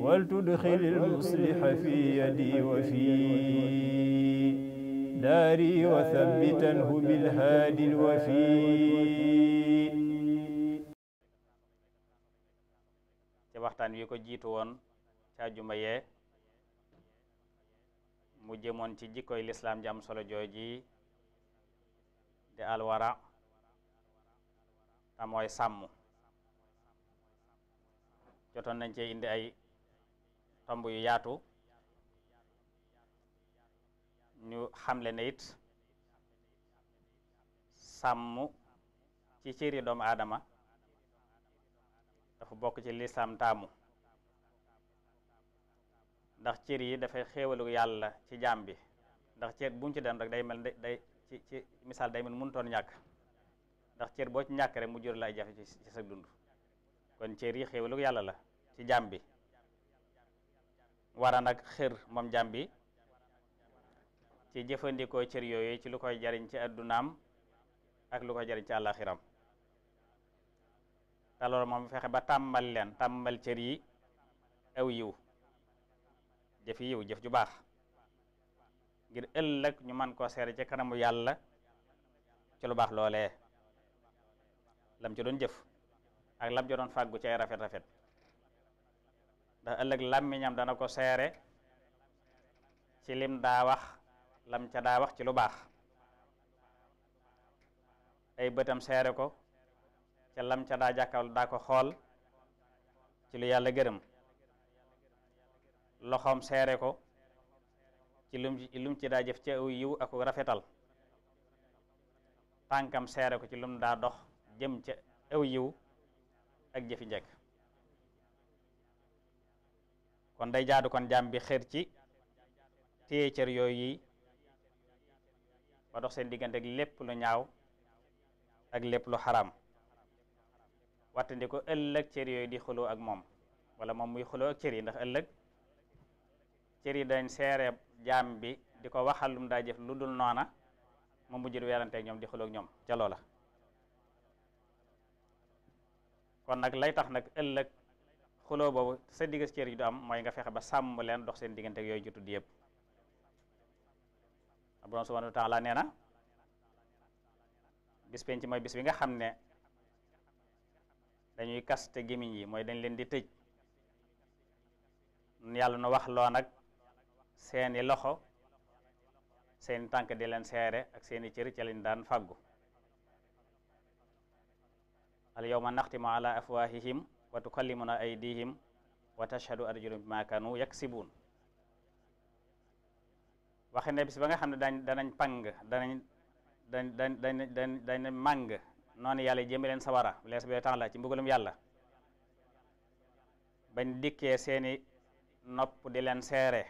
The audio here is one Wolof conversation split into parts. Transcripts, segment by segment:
ولتدخل المصلح في يدي وفي داري وثبتنه بالهادي الوفي ci waxtaan wi ko jiitu woon ca juma yee mu jëmoon ci jikkoy lislaam jam solo jooji di alwara te mooy sàmm jotoon indi ay tomb yu yaatu ñu xamle na it sàmm ci cëri doomu adama dafa bokk ci lislaam taamu ndax cër yi dafay xéewalu yàlla ci jaam bi ndax cër bu ci dem rek day mel day ci ci misaal day mel mënutoon ñàkk ndax cër boo ci rek mu jur lay ay jafe ci sa dund kon cër yi xéewalu yàlla la ci jaam bi war a nag xër moom jàmm bi ci jëfandikoo cër yooyu ci lu koy jariñ ci addunaam ak lu koy jariñ ci àllaxiram te loolu moom fexe ba tàmmal leen tàmmal cër yi aw yiw jëf yiw jëf ju baax ngir ëllëg ñu man koo seere ci kanamu yàlla ci lu baax loole lam ci doon jëf ak lam ci doon fàggu ci ay rafet rafet ndax ëllëg làmmiñam dana ko seere ci lim daa wax lam ca daa wax ci lu baax ay bëtam seere ko ca lam ca daa jàkkaarlu daa ko xool ci lu yàlla gërëm loxoom seere ko ci lum ci daa jëf ci aw yiw ak rafetal tànkam seere ko ci lum daa dox jëm ca aw yiw ak jëfi njëkk kon day jaadu kon jàmm bi xër ci téye yooyu yi ba dox seen diggante ak lépp lu ñaaw ak lépp lu xaram wattandi ko ëllëg cër yooyu di xuloo ak moom wala moom muy xuloo ak cër yi ndax ëllëg cër yi dañ seere jaam bi di ko waxal lum daa jëf lu dul noona mu mujjul werante ak ñoom di xuloo ñoom ca loola kon nag lay tax nag ëllëg xuloo boobu sa diggas cër yi du am mooy nga fexe ba sàmm leen dox seen diggante ak yooyu ju tudd yëpp borom subhanahu wa taala nee na bis penc bis bi nga xam ne dañuy kaste gémmiñ yi mooy dañ leen di tëj yàlla nu wax loo nag seeni loxo seeni tànk di leen seere ak seeni cër ca lañ daan fàggu al yawma naxtimu ala afwahihim wa tukallimuna aydihim wa tashhadu arjuluhum bima kanu yaksibun waxe ne bis ba nga xam ne dañ danañ pang danañ dañ dañ dañ dañ màng noonu yàlla jëme leen sawara lees bee temps la ci mbugalum yàlla bañ dikkee seeni nopp di leen seere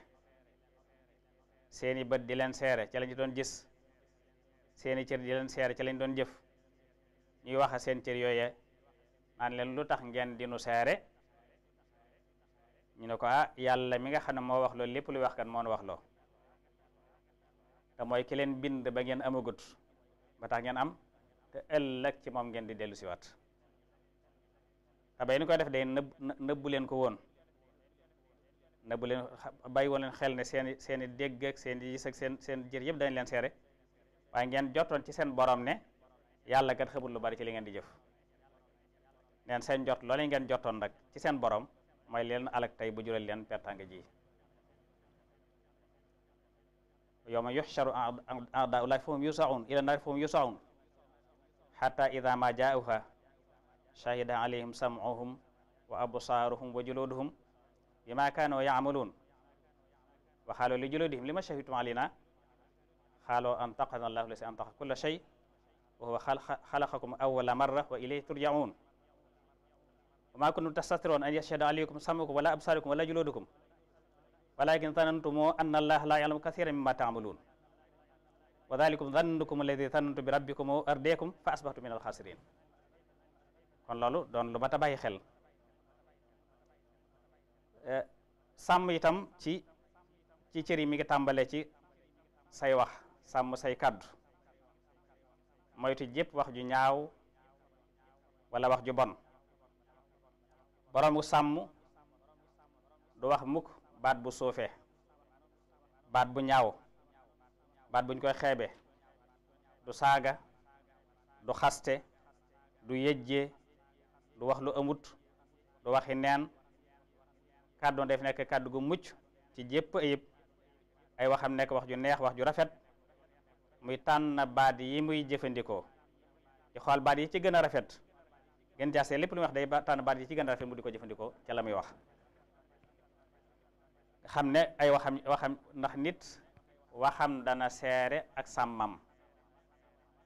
seeni bët di leen seere ca lañu doon gis seeni cër di leen seere ca doon jëf ñuy waxa seen cër yooye naan leen lu tax ngeen dinu seere ñu ne ko ah yàlla mi nga xam ne moo wax loolu lépp lu wax kan moo nu wax loo te mooy ki leen bind ba ngeen amagut ba tax ngeen am te ëllëg ci moom ngeen di dellu siwaat te bay ni koy def day nëbbu leen ko woon nëbbu leen bàyyi woon leen xel ne seen seeni seen i dégg seen i gis seen seen jër yëpp dañ leen seere waaye ngeen jotoon ci seen borom ne yàlla kat xamul lu bari ci li ngeen di jëf neen seen jot loolee ngeen jotoon rek ci seen borom mooy leen alak tey bu jural leen pertanga ji yawma yuhsharu a'daa'u llaahi fahum yus'aruun ilaa n-naari fahum yus'aruun hattaa idhaa maa jaa'uuhaa shahida alayhim sam'uhum wa absaaruhum wa juluuduhum bimaa kaanuu ya'maluun wa qaaluu li juluudihim limaa shahidtum 'alaynaa qaaluu antaqanaa llaahu lazii antaqa kulla shay' wa huwa khalaqakum awwala marra wa ilayhi turja'uun maa kuntum tastatirun an yashhada alaykum sam'ukum wala absarukum wala juludukum walakin zanantum anna allaha la ya'lamu kathiran mimma ta'malun wa dhalikum dhannukum bi rabbikum ardeekum fa asbahtum min al kon loolu doon lu mat a xel eh, sàmm itam ci ci cër yi mi ngi ci say wax sàmm say kàddu moytu jépp wax ju ñaaw wala wax ju bon boroomu sàmm du wax mukk baat bu suufee baat bu ñaaw baat buñ koy xeebe du saaga du xaste du yëjjee du wax lu amut du waxi neen kàddoon def nekk kàddu gu mucc ci jépp ayib ay waxam nekk wax ju neex wax ju rafet muy tànn baat yi muy jëfandikoo ci xool baat yi ci gën a rafet yan jaase lépp lu muy wax day tànn baat yi ci gën a mu di ko jëfandikoo wax xam ne ay waxam waxam ndax nit waxam dana seere ak sàmmam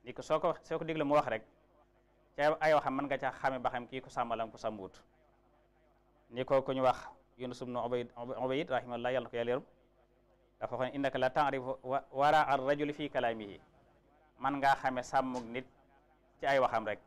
ni ko soo ko soo mu wax rek ca ay waxam mën nga ca xame ba xam kii ku sàmmalam ku sàmmuut ni ko ku ñu wax Yunus ibnu Ubayd Ubayd rahimahullah yàlla ko yàlla yërëm dafa waxoon innaka la ta'rifu wara ar rajuli fi kalaamihi man ngaa xame sàmmug nit ci ay waxam rek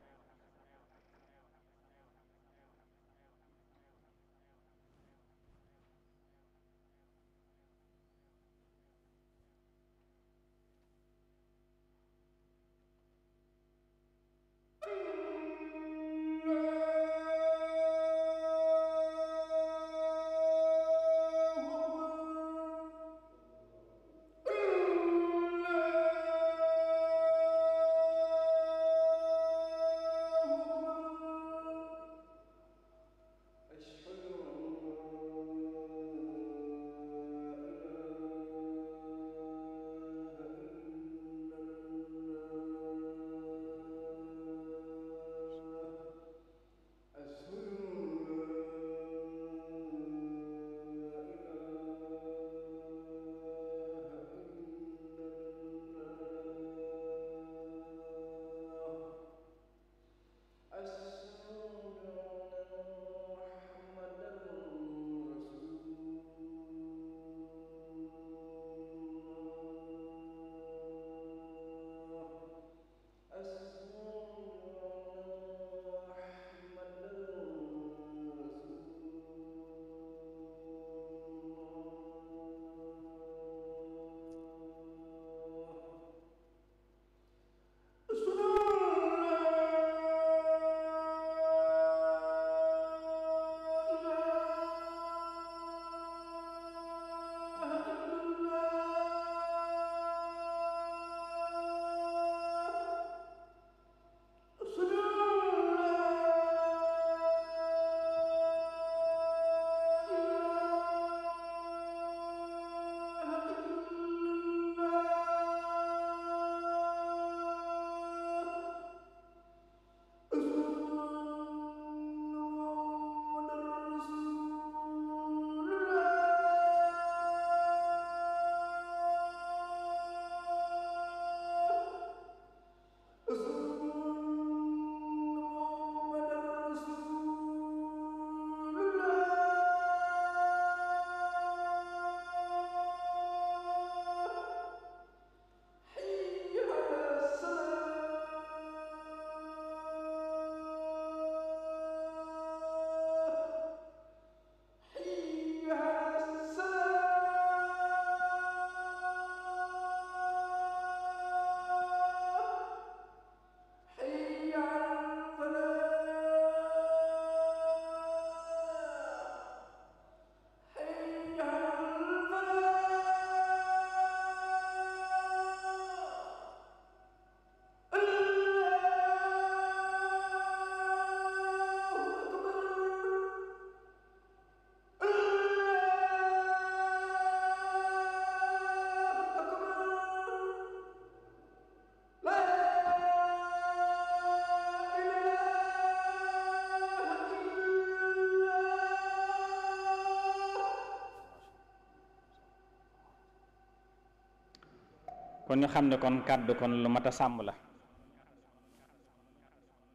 kon ñu xam ne kon kàddu kon lu mat a sàmm la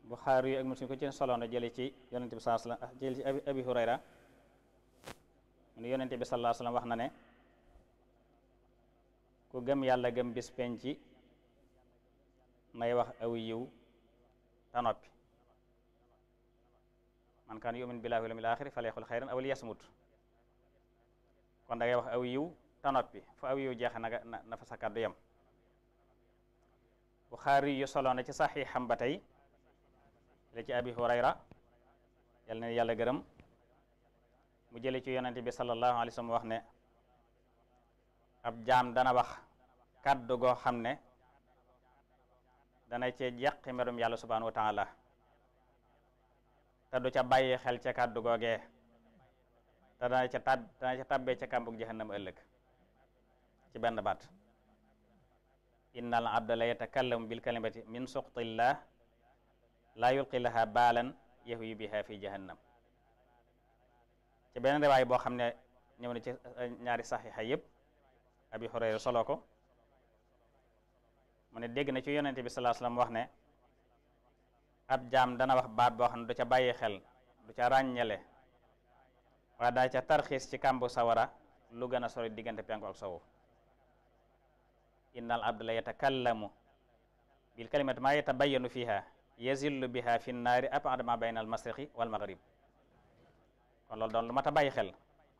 bu xaar yi ak Muslim ko ci soloon jële ci yonente bi sallallahu alayhi wasallam ci Abi Hurayra mu ne yonente bi sallallahu alayhi wax na ne ku gëm yàlla gëm bis penc nay wax aw yiw te noppi man kaan yu'min billaahi wal yawmil aaxiri falyaqul xayran aw liyasmut kon da wax aw yiw te noppi fu aw yiw jeexe na na fa sa kàddu yam buxaari yu solo na ci xam ba tey la ci abi hurayra yal na yàlla gërëm mu jële ci yonente bi sallallahu alayhi wa wax ne ab jaam dana wax kàddu goo xam ne dana cee yàqi merum yàlla subhanahu wa taala te du ca bàyyi xel ca goo googee te dana ca tab dana ca tabbee ca kàmbug jahannam ëllëg ci benn baat innal abda la yatakallamu bil kalimati min suqtillah la yulqi laha baalan yahwi fi jahannam ci beneen waay boo xam ne ñëw na ci eh, ñaari saxiixa yëpp abi hurayra solo ko mu ne dégg na ci yonente bi sallallahu alayhi wasallam wax ne ab jaam dana wax baat boo xam ne du ca bàyyi xel du ca ràññele waa daa ca tarxiis ci kàmbu sawara lu gën a sori diggante pengook ak inna al abda la yatakallamu bil kalimati ma yatabayyanu fiha yazillu biha fi nnaari ab'ad ma bayna al masriqi kon loolu doon lu mat a bàyyi xel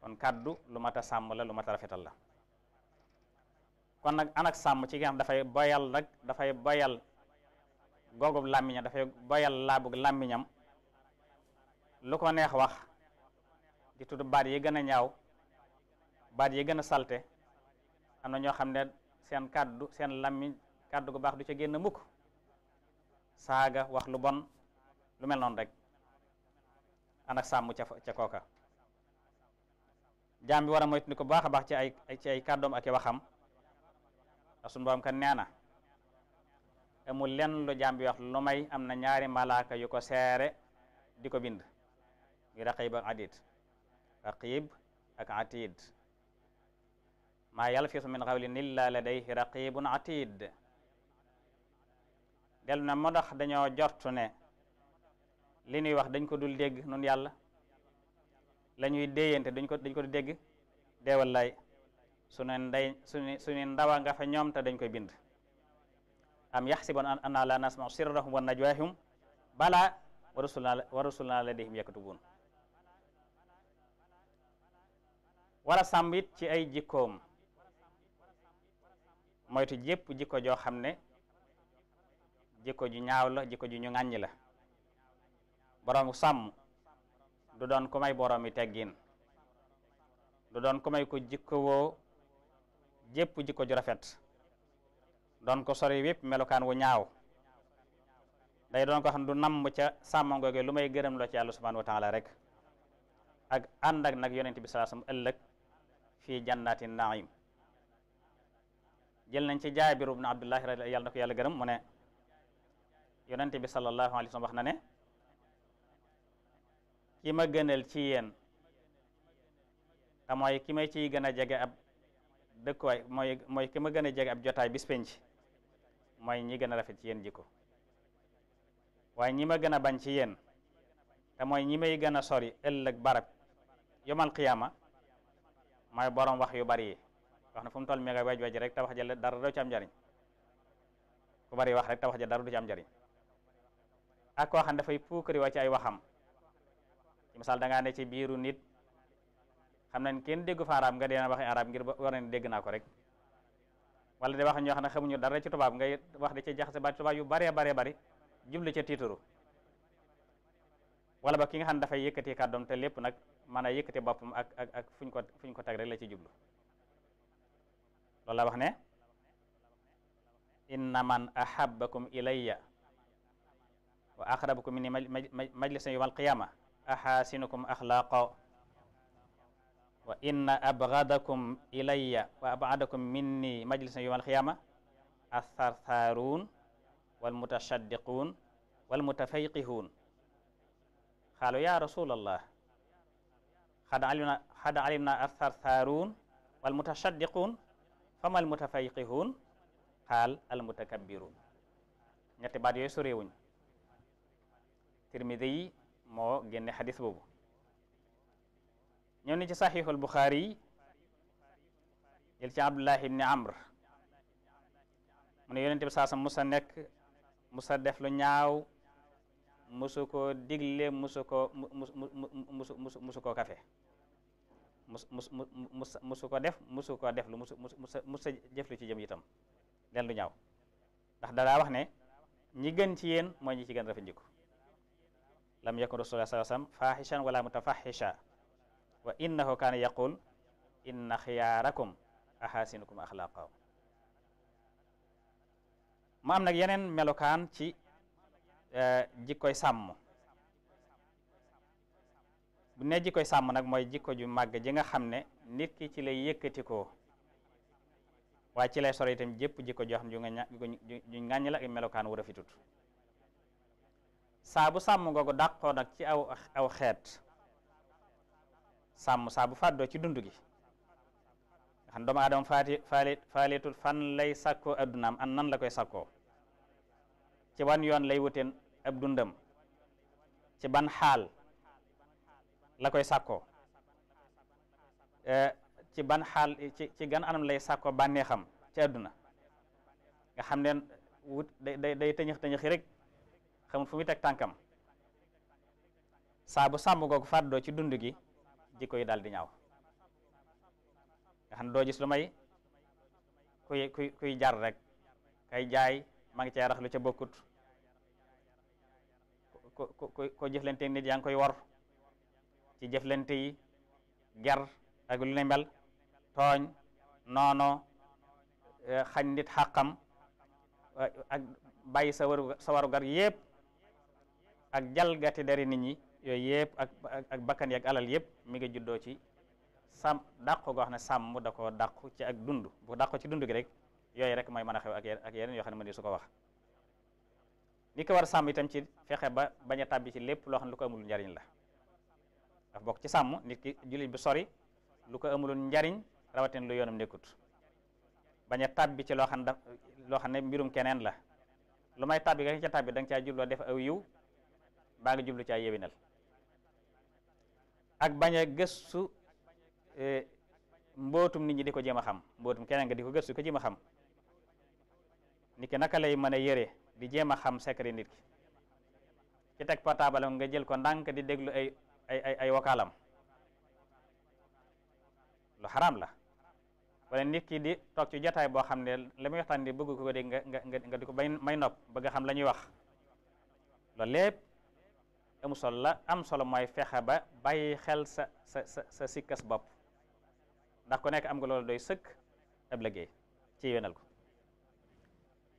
kon kaddu lu mat a sàmm la lu mat a rafetal kon nag anak sàmm ci nga xam dafay boyal nag dafay boyal googub làmmiñam dafay boyal laabug làmmiñam lu neex wax di tudd baat yi a ñaaw baat yi salte am na ne seen kàddu seen lammiñ kàddu gu baax du ca génn mukk saaga wax lu bon lu mel noon rek anak sàmm ca ca kooka jaam bi war a ko baax a baax ci ay ci ay kàddoom ak i waxam ndax suñu borom kan nee na amul lenn lu jaam wax lu may am na ñaari malaaka yu seere di ko bind ngi raqib ak atid raqib ak atid maa yalfisu min qawlin illa ladayhi raqibun atid dellu na moo dañoo jortu ne li nuy wax dañ ko dul dégg nun yàlla la ñuy déeyante dañ ko dañ ko dul dégg deewal lay sunu ndey sunu sunu ndawa nga fa ñoom te dañ koy bind am yaxsibun anna la nasmau sirrahum wa najwahum bala wa rusulna wa rusulna ladayhim yaktubun wala sàmm ci ay jikkoom moytu jépp jikko joo xam ne jikko ju ñaaw la jikko ju ñu ŋàññi la boroomu sàmm du doon ku may boroomi teggin du doon ku may ko jikkowoo jépp jikko ju rafet doon ko sori wépp melokaan wu ñaaw day doon ko xam du namm ca sàmm googe lu may gërëm loo ci yàlla subhanahu wa taala ak ànd ak nag yonent bi sallallahu alayhi wasallam ëllëg fii jël nañ ci jaabir ibnu na radi yàlla na ko yàlla gërëm mu ne yonente bi sallallahu alayhi wax na ne ki ma gënal ci yen te mooy ki may ciy gën a jege ab dëkkuwaay mooy mooy ki ma gën a jege ab jotaay bis penc mooy ñi gën a rafet ci yéen jikko waaye ñi ma gën a bañ ci yéen te mooy ñi may gën a sori ëllëg barab yomal qiyaama mooy borom wax yu bari yi wax na ne fu toll mi ngay waaj waaj rek tabax ja dara du ci am bari wax rek tabax ja dara du ci am njariñ ak koo xam ne dafay puukari wa ci ay waxam ci misaal da ngaa ne ci biiru nit xam nañ kenn déggu fa arab nga dee na waxi arab ngir ba na dégg naa ko rek wala de wax ñoo xam ne xamuñu dara ci tubaab ngay wax di ci jaxase ba tubaab yu baree baree bari jublu ca tiitaru wala ba ki nga xam ne dafay yëkkati kàddoom te lépp nag mën a yëkkati boppam ak ak ak fuñ ko fuñ ko tag rek la ci jublu loolu la wax ne inna man ahabbakum ilayya wa aqrabakum minni majlisan yawmal qiyama ahasinukum axlaqa wa inna abgadakum ilayya wa abadakum minni majlisan yawmal qiyama atharsarun wal mutashaddiqun wal mutafayqihun qaalu ya rasulallah qad alimna qad alimna atharsarun wal mutashaddiqun fama al mutafayqihuun xaal al mutakabbiruun ñetti baat yooyu soréewuñ tirmidi yi moo génne xadis boobu ñoo ni ci saxiixul buxaari yi jël ci abdullahi ibni amr mu ne yonente bi musa nekk musa def lu ñaaw musu ko digle musu ko musu musu musu koo kafe mus mus mus musu ko def musu ko def lu musu musu musu jëf lu ci jëm itam leen lu ñaaw ndax dadaa wax ne ñi gën ci yéen mooy ñi ci gën rafet njikko lam yakun rasulullah sallallahu alayhi wasallam fahishan wala mutafahisha wa innahu kaana yaqul inna xiyaarakum ahasinukum axlaqa ma am nag yeneen melokaan ci eh, jikkoy sàmm bu ne jikkoy sàmm nag mooy jikko ju màgg ji nga xam ne nit ki ci lay yëkkatikoo waa ci lay sore itam jépp jikko joo xam ne ju nga ju ngàññ la ak melokaan wu rafetut saa bu sàmm googu dàqoo nag ci aw xeet sàmm saa bu fàddoo ci dund gi nga xam doomu aadama faati fan lay sakkoo addunaam an nan la koy sakkoo ci wan yoon lay wuteen ab dundam ci ban xaal la koy sàkkoo eh, ci ban xaal ci gan anam lay sàkko bànneexam ci àdduna nga xam ne wut day tëñëx tëñëxi rek xamul fu muy teg tànkam saabu bu sàmm googu doo ci dund gi jikko yi daal di ñaaw nga xam ne doo gis lu may kuy kuy jar rek kay jaay ma ngi cee ca bokkut ko ko ko jëflante nit yaa ngi koy war ci jëflante yi ger ak lu ne mel tooñ noono eh, xañ nit xàqam eh, ak bàyyi sa waru sa yëpp ak jalgati dari nit ñi yooyu yëpp ak ak bakkan yi ak alal yëpp mi ngi juddoo ci sam dàqu goo xam ne sàmm da ko dàqu ci ak dund bu dàqu ci dund gi rek yooyu rek mooy mën a xew ak ak yeneen yoo xam ne mën su ko wax ni ko war sàmm itam ci fexe ba bañ a tàbbi ci lépp loo xam ne lu ko njariñ la dafa bokk ci sàmm nit ki jullit bi sori lu ko amuloon njariñ rawatin lu yoonam nekkut bañ a tàbbi ci loo xam da loo xam ne mbirum keneen la lu may tàbbi nga ca tàbbi da nga caa jubloo def aw yiw baa nga jublu caa yewinal ak bañ a gëstu e, mbootum nit ñi di ko jëm a xam mbootum keneen nga di ko gësu ko jéem a xam nit ki naka lay mën a yëre di jéem a xam secret nit ki ci teg portable nga jël ko ndànk di déglu ay ay ay ay wakaalam lu xaraam la wala nit ki di toog ci jataay boo xam ne la muy waxtaan di bëgg ko dégg nga nga nga di ko may may bëgg xam la ñuy wax loolu lépp amu solo la am solo mooy fexe ba bàyyi xel sa sa sa sa sikkas bopp ndax ku nekk am nga loolu doy sëkk ab liggéey ci yéenal ko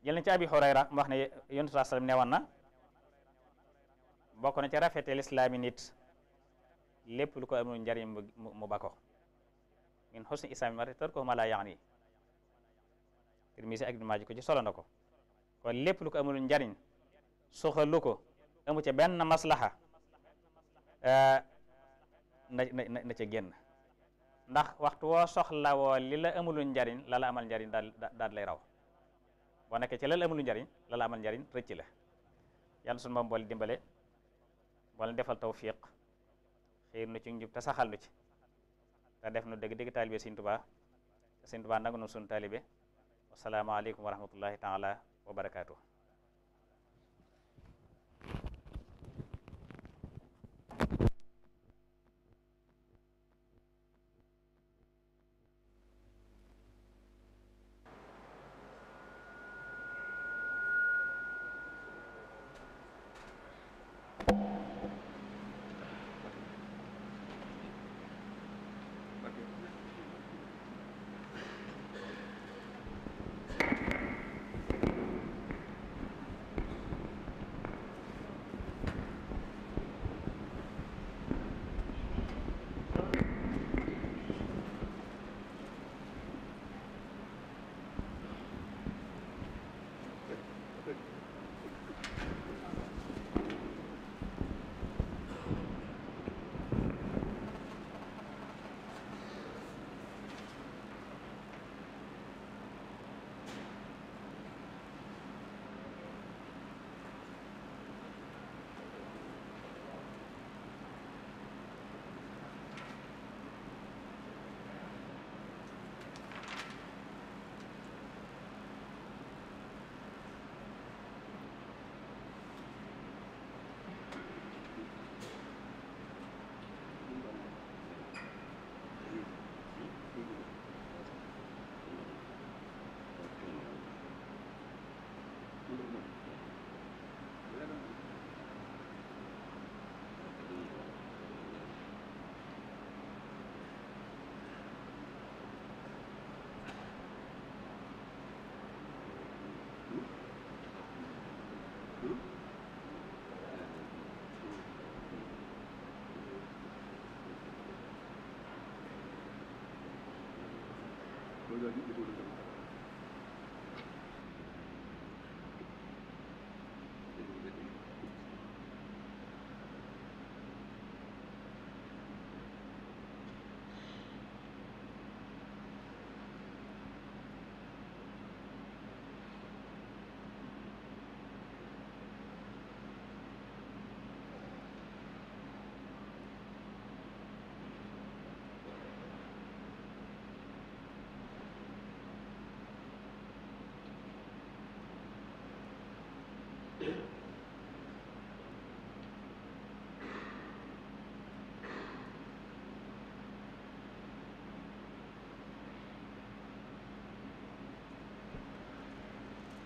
jël na ci abi Hurayra mu wax ne yontu sallam ne na bokk na ci rafetel islaami nit lépp lu ko amul njariñ mu ba ko min xusni islaami mar'i tarkuhu maa laa ya'niihi Tirmisi ak Ibnu Maaja ko ci solo na ko kon lépp lu ko amul njariñ soxalu ko amu ca benn maslaha eh, na na na ca génn ndax waxtu woo soxlawoo li la amulul njariñ la la amal njariñ daal daal lay raw boo nekkee ci la njariñ la la amal njariñ rëcc la yàlla sunu moom boole dimbale boole defal tawfiq xiir nu ci njub te saxal nu ci te def nu dëgg dëgg taalibe Sëriñ Tuubaa te Sëriñ Tuubaa nangu nu sunu wa rahmatullahi taala wa barakaatu jooju jotewul ak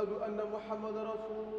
ashhadu anna muhammadan rasulullah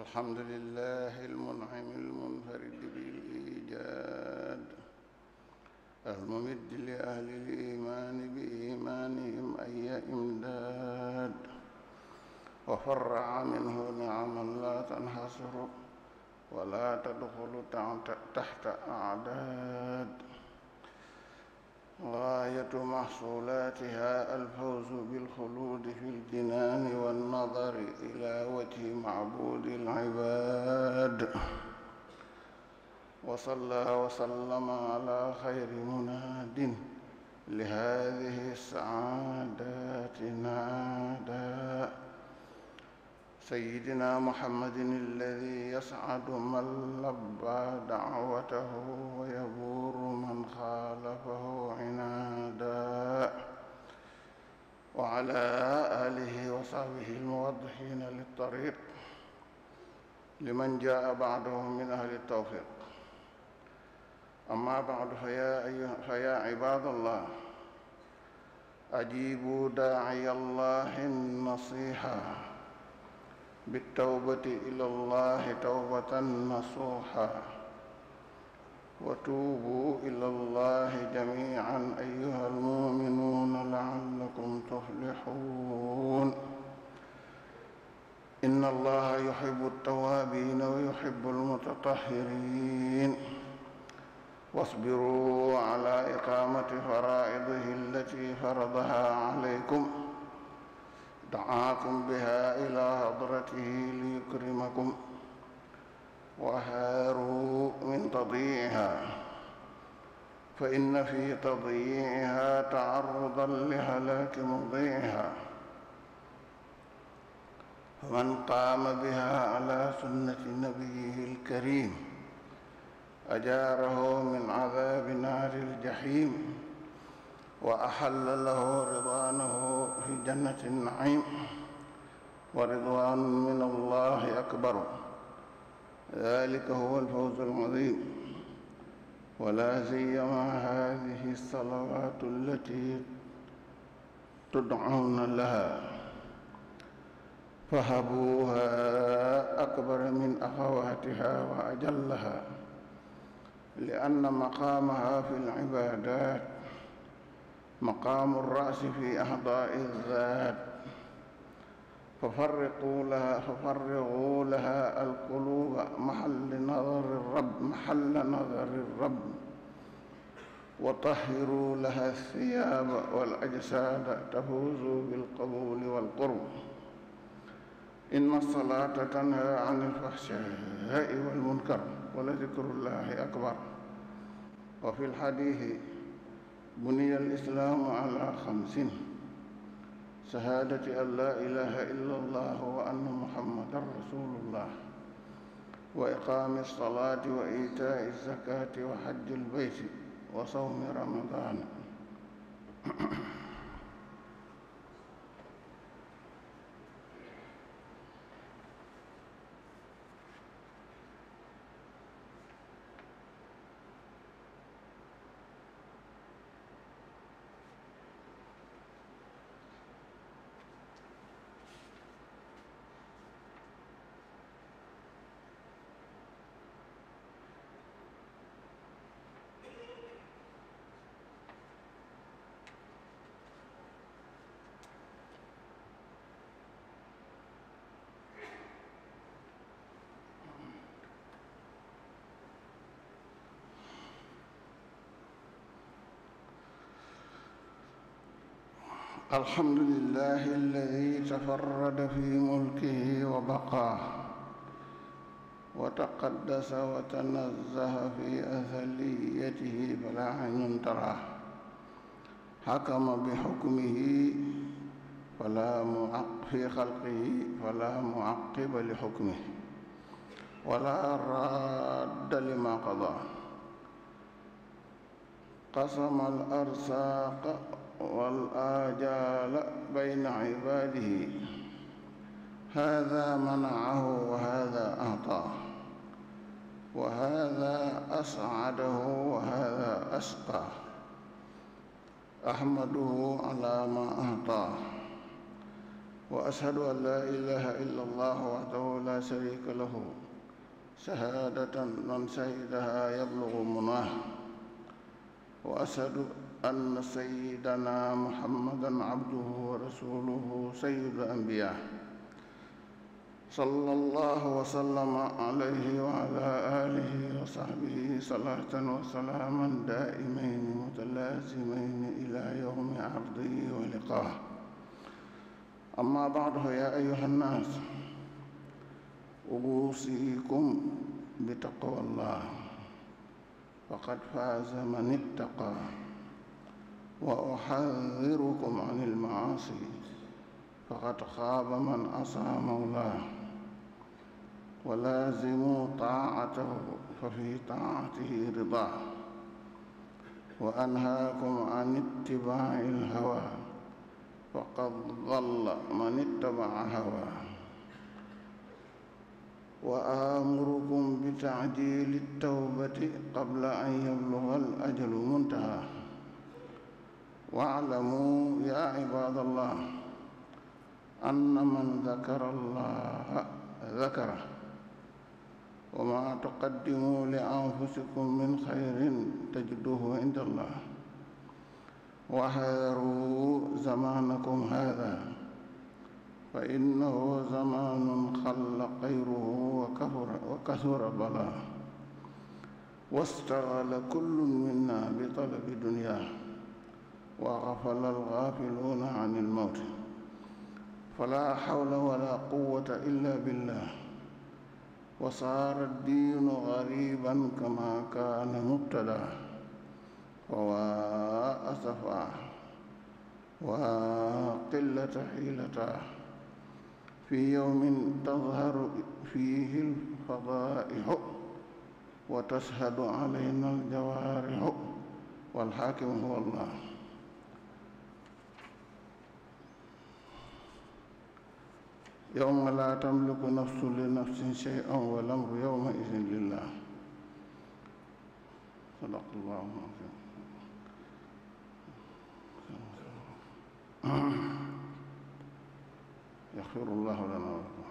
الحمد لله المنعم المنفرد بالإيجاد الممد لأهل الإيمان بإيمانهم أي إمداد وفرع منه نعما لا تنحصر ولا تدخل تحت أعداد غاية محصولاتها الفوز بالخلود في الجنان والنظر إلى وجه معبود العباد وصلى وسلم على خير مناد لهذه السعادات نادى سيدنا محمد الذي يسعد من لبى دعوته ويبور من خالفه عنادا وعلى آله وصحبه الموضحين للطريق لمن جاء بعدهم من أهل التوفيق أما بعد فيا, أيها فيا عباد الله أجيبوا داعي الله النصيحة بالتوبة إلى الله توبة نصوحا وتوبوا إلى الله جميعا أيها المؤمنون لعلكم تفلحون إن الله يحب التوابين ويحب المتطهرين واصبروا على إقامة فرائضه التي فرضها عليكم دعاكم بها إلى حضرته ليكرمكم وهاروا من تضييعها فإن في تضييعها تعرضا لهلاك مضيعها فمن قام بها على سنة نبيه الكريم أجاره من عذاب نار الجحيم وأحل له رضوانه في جنة النعيم ورضوان من الله أكبر ذلك هو الفوز العظيم ولا سيما هذه الصلوات التي تدعون لها فهبوها أكبر من أخواتها وأجلها لأن مقامها في العبادات مقام الرأس في أحضاء الذات ففرقوا لها ففرغوا لها القلوب محل نظر الرب محل نظر الرب وطهروا لها الثياب والأجساد تفوزوا بالقبول والقرب إن الصلاة تنهى عن الفحشاء والمنكر ولذكر الله أكبر وفي الحديث بني الإسلام على خمس شهادة أن لا إله إلا الله وأن محمدا رسول الله وإقام الصلاة وإيتاء الزكاة وحج البيت وصوم رمضان الحمد لله الذي تفرد في ملكه وبقاه وتقدس وتنزه في أثليته فلا عين تراه حكم بحكمه فلا معق في خلقه فلا معقب لحكمه ولا راد لما قضاه قسم الأرزاق والآجال بين عباده هذا منعه وهذا أعطاه وهذا أسعده وهذا أسقاه أحمده على ما أعطاه وأشهد أن لا إله إلا الله وحده لا شريك له شهادة من شهدها يبلغ مناه وأشهد أن سيدنا محمدا عبده ورسوله سيد الأنبياء صلى الله وسلم عليه وعلى آله وصحبه صلاة وسلاما دائمين متلازمين إلى يوم عرضه ولقاه أما بعده يا أيها الناس أوصيكم بتقوى الله فقد فاز من اتقى وأحذركم عن المعاصي فقد خاب من عصى مولاه ولازموا طاعته ففي طاعته رضاه وأنهاكم عن اتباع الهوى فقد ضل من اتبع هواه وآمركم بتعجيل التوبة قبل أن يبلغ الأجل منتهاه واعلموا يا عباد الله أن من ذكر الله ذكره وما تقدموا لأنفسكم من خير تجدوه عند الله واحذروا زمانكم هذا فإنه زمان خل خيره وكثر, وكثر بلاه واستغل كل منا بطلب دنياه وغفل الغافلون عن الموت فلا حول ولا قوة إلا بالله وصار الدين غريبا كما كان مبتدا ووا أسفا وقلة حيلتا في يوم تظهر فيه الفضائح وتشهد علينا الجوارح والحاكم هو الله yawma laa tamliku nafsun li nafsin shay'an wal amru yawma idin lillah sadaqallahu al-azim yaxfirullahu lana wa lakum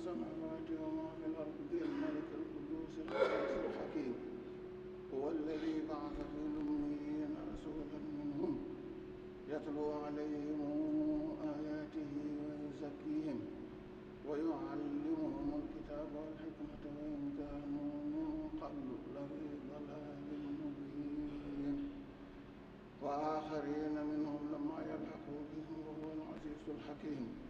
السماوات وما في الأرض بالملك القدوس العزيز الحكيم هو الذي بعث في الأميين رسولا منهم يتلو عليهم آياته ويزكيهم ويعلمهم الكتاب والحكمة وإن كانوا من قبل لفي ضلال مبين وآخرين منهم لما يلحقوا بهم وهو العزيز الحكيم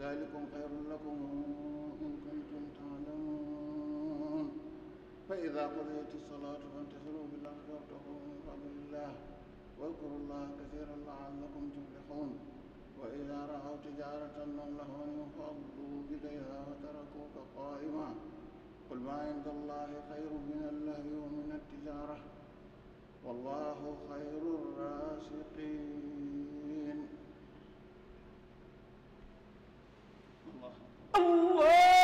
ذلكم خير لكم إن كنتم تعلمون فإذا قضيت الصلاة فانتشروا بالأرض وابتغوا من فضل الله واذكروا الله كثيرا لعلكم تفلحون وإذا رأوا تجارة أو لهوا انفضوا إليها وتركوك قائما قل ما عند الله خير من اللهو ومن التجارة والله خير الرازقين Allah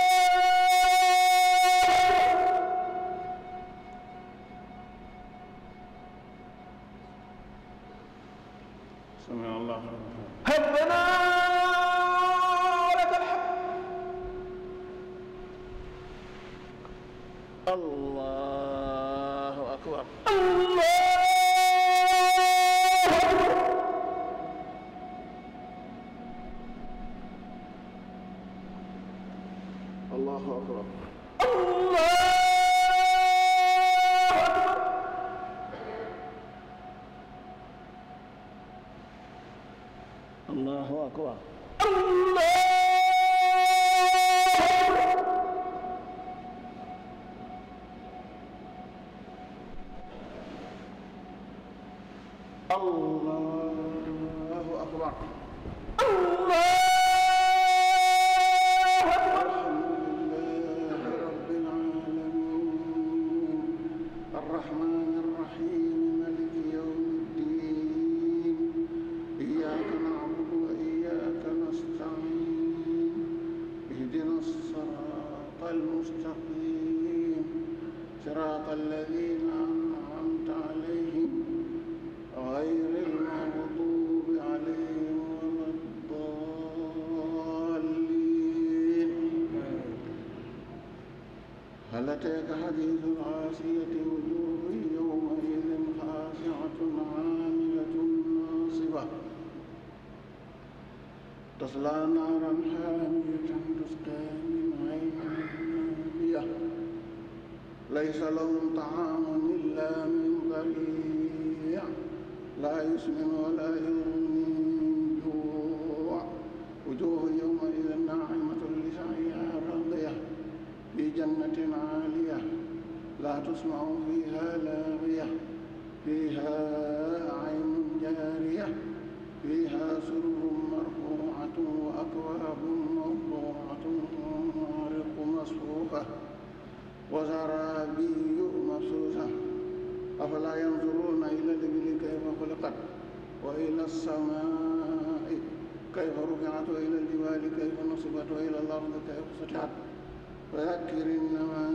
Allah تسمع فيها لاغية فيها عين جارية فيها سرر مرفوعة وأكواب موضوعة ومعرق مصفوفة وزرابي مبسوسة أفلا ينظرون إلى الإبل كيف خلقت وإلى السماء كيف رفعت وإلى الجبال كيف نصبت وإلى الأرض كيف سطحت فذكر إنما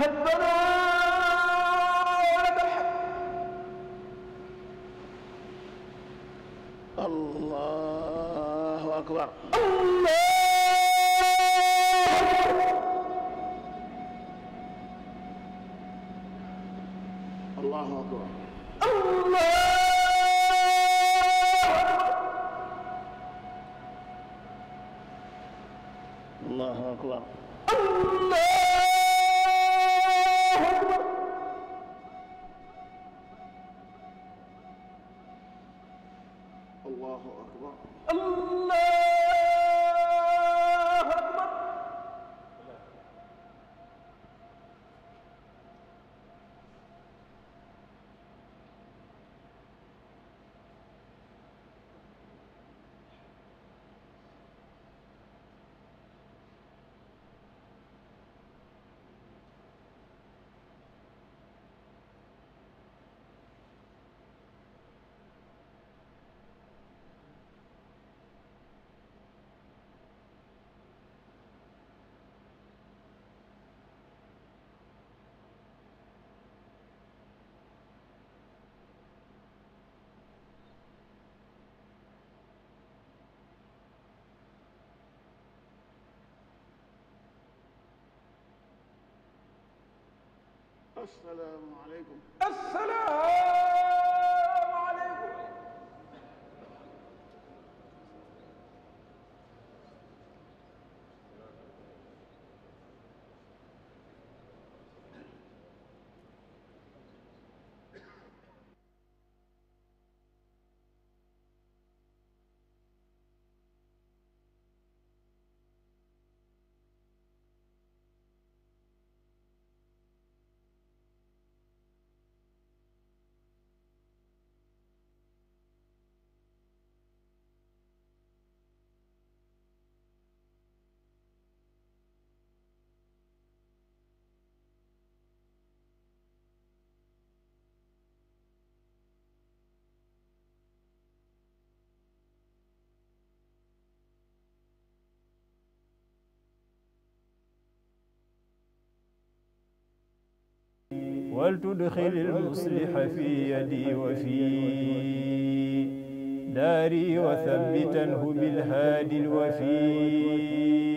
ربنا ولك الحمد الله أكبر الله الله أكبر الله assalaamu aleykum asalaam ولتدخل المصلح في يدي وفي داري وثبته بالهادي الوفي